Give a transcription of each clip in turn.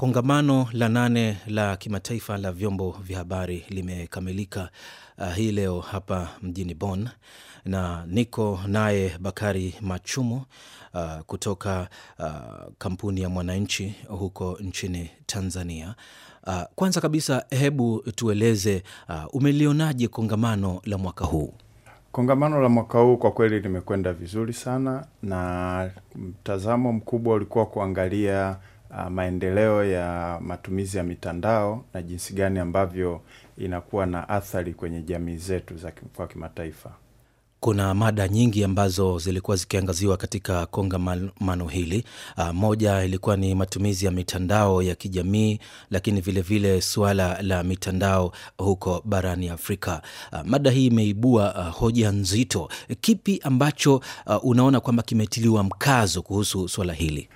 Kongamano la nane la kimataifa la vyombo vya habari limekamilika uh, hii leo hapa mjini Bonn, na niko naye Bakari Machumo uh, kutoka uh, kampuni ya Mwananchi huko nchini Tanzania. Uh, kwanza kabisa, hebu tueleze uh, umelionaje kongamano la mwaka huu? Kongamano la mwaka huu kwa kweli limekwenda vizuri sana, na mtazamo mkubwa ulikuwa kuangalia uh, maendeleo ya matumizi ya mitandao na jinsi gani ambavyo inakuwa na athari kwenye jamii zetu za kwa kimataifa. Kuna mada nyingi ambazo zilikuwa zikiangaziwa katika kongamano hili. Ah, moja ilikuwa ni matumizi ya mitandao ya kijamii, lakini vilevile vile suala la mitandao huko barani Afrika. Ah, mada hii imeibua hoja nzito. Kipi ambacho unaona kwamba kimetiliwa mkazo kuhusu suala hili?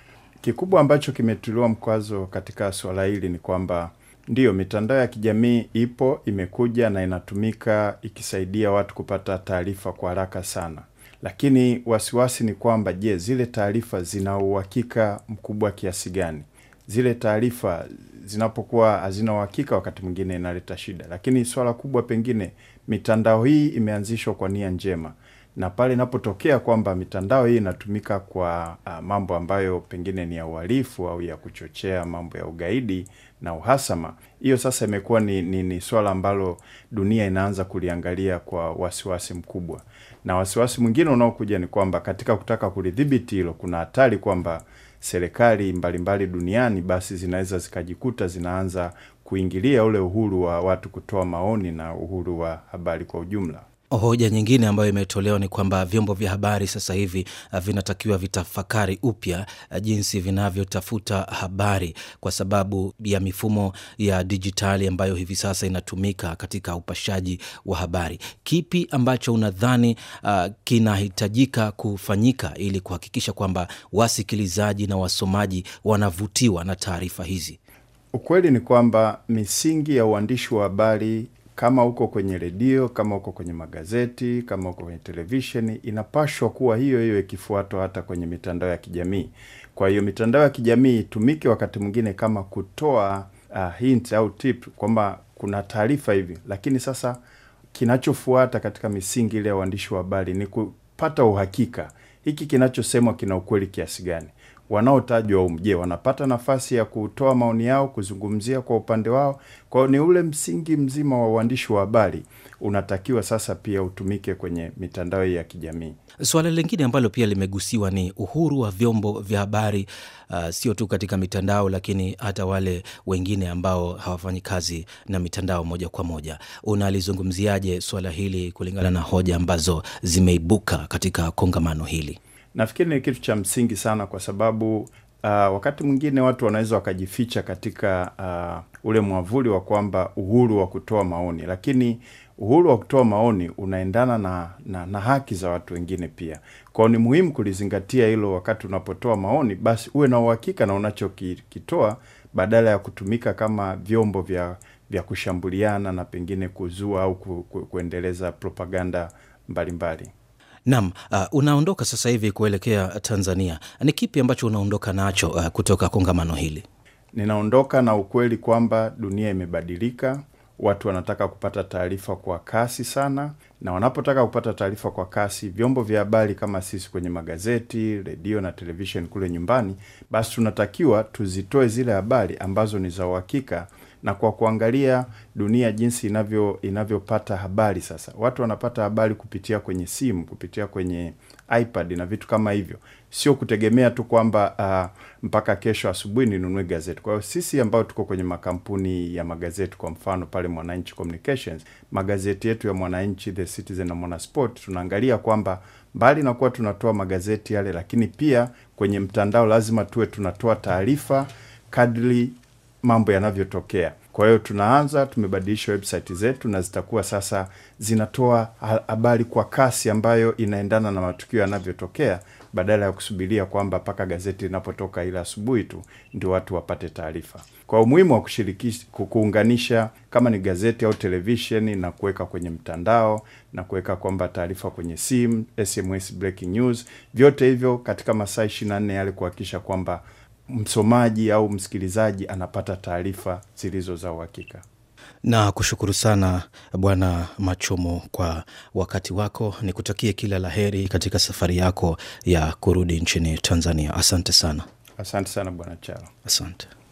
Kikubwa ambacho kimetuliwa mkwazo katika swala hili ni kwamba ndiyo mitandao ya kijamii ipo, imekuja na inatumika ikisaidia watu kupata taarifa kwa haraka sana, lakini wasiwasi ni kwamba je, zile taarifa zina uhakika mkubwa kiasi gani? Zile taarifa zinapokuwa hazina uhakika, wakati mwingine inaleta shida. Lakini swala kubwa, pengine mitandao hii imeanzishwa kwa nia njema, na pale inapotokea kwamba mitandao hii inatumika kwa uh, mambo ambayo pengine ni ya uhalifu au ya kuchochea mambo ya ugaidi na uhasama, hiyo sasa imekuwa ni, ni, ni swala ambalo dunia inaanza kuliangalia kwa wasiwasi mkubwa. Na wasiwasi mwingine unaokuja ni kwamba katika kutaka kulidhibiti hilo, kuna hatari kwamba serikali mbalimbali duniani basi zinaweza zikajikuta zinaanza kuingilia ule uhuru wa watu kutoa maoni na uhuru wa habari kwa ujumla. Hoja nyingine ambayo imetolewa ni kwamba vyombo vya habari sasa hivi uh, vinatakiwa vitafakari upya uh, jinsi vinavyotafuta habari kwa sababu ya mifumo ya dijitali ambayo hivi sasa inatumika katika upashaji wa habari. Kipi ambacho unadhani uh, kinahitajika kufanyika ili kuhakikisha kwamba wasikilizaji na wasomaji wanavutiwa na taarifa hizi? Ukweli ni kwamba misingi ya uandishi wa habari kama uko kwenye redio, kama uko kwenye magazeti, kama uko kwenye televisheni, inapashwa kuwa hiyo hiyo ikifuatwa hata kwenye mitandao ya kijamii. Kwa hiyo mitandao ya kijamii itumike wakati mwingine kama kutoa uh, hint au tip kwamba kuna taarifa hivi, lakini sasa kinachofuata katika misingi ile ya uandishi wa habari ni kupata uhakika hiki kinachosemwa kina ukweli kiasi gani wanaotajwa je, wanapata nafasi ya kutoa maoni yao, kuzungumzia kwa upande wao? Kwao ni ule msingi mzima wa uandishi wa habari unatakiwa sasa pia utumike kwenye mitandao ya kijamii. Suala lingine ambalo pia limegusiwa ni uhuru wa vyombo vya habari, uh, sio tu katika mitandao, lakini hata wale wengine ambao hawafanyi kazi na mitandao moja kwa moja. Unalizungumziaje suala hili kulingana na hoja ambazo zimeibuka katika kongamano hili? Nafikiri ni kitu cha msingi sana kwa sababu uh, wakati mwingine watu wanaweza wakajificha katika uh, ule mwavuli wa kwamba uhuru wa kutoa maoni, lakini uhuru wa kutoa maoni unaendana na, na, na haki za watu wengine pia. Kwao ni muhimu kulizingatia hilo wakati unapotoa maoni, basi uwe na uhakika na unachokitoa badala ya kutumika kama vyombo vya vya kushambuliana na pengine kuzua au ku, ku, kuendeleza propaganda mbalimbali mbali nam uh, unaondoka sasa hivi kuelekea Tanzania, ni kipi ambacho unaondoka nacho uh, kutoka kongamano hili? Ninaondoka na ukweli kwamba dunia imebadilika, watu wanataka kupata taarifa kwa kasi sana, na wanapotaka kupata taarifa kwa kasi, vyombo vya habari kama sisi kwenye magazeti, redio na televishen kule nyumbani, basi tunatakiwa tuzitoe zile habari ambazo ni za uhakika na kwa kuangalia dunia jinsi inavyo inavyopata habari sasa. Watu wanapata habari kupitia kwenye simu, kupitia kwenye iPad na vitu kama hivyo, sio kutegemea tu kwamba uh, mpaka kesho asubuhi ninunue gazeti. Kwa hiyo sisi ambao tuko kwenye makampuni ya magazeti, kwa mfano pale Mwananchi Communications, magazeti yetu ya Mwananchi, The Citizen na Mwanasport, tunaangalia kwamba mbali na kuwa tunatoa magazeti yale, lakini pia kwenye mtandao lazima tuwe tunatoa taarifa kadri mambo yanavyotokea. Kwa hiyo tunaanza, tumebadilisha website zetu na zitakuwa sasa zinatoa habari kwa kasi ambayo inaendana na matukio yanavyotokea, badala ya kusubiria kwamba mpaka gazeti linapotoka ile asubuhi tu ndio watu wapate taarifa. Kwa umuhimu wa kuunganisha kama ni gazeti au televisheni na kuweka kwenye mtandao na kuweka kwamba taarifa kwenye simu, SMS, breaking news, vyote hivyo katika masaa 24 yale kuhakikisha kwamba msomaji au msikilizaji anapata taarifa zilizo za uhakika na kushukuru sana Bwana Machumu kwa wakati wako. Nikutakie kila la heri katika safari yako ya kurudi nchini Tanzania. Asante sana. Asante sana Bwana Charo. Asante.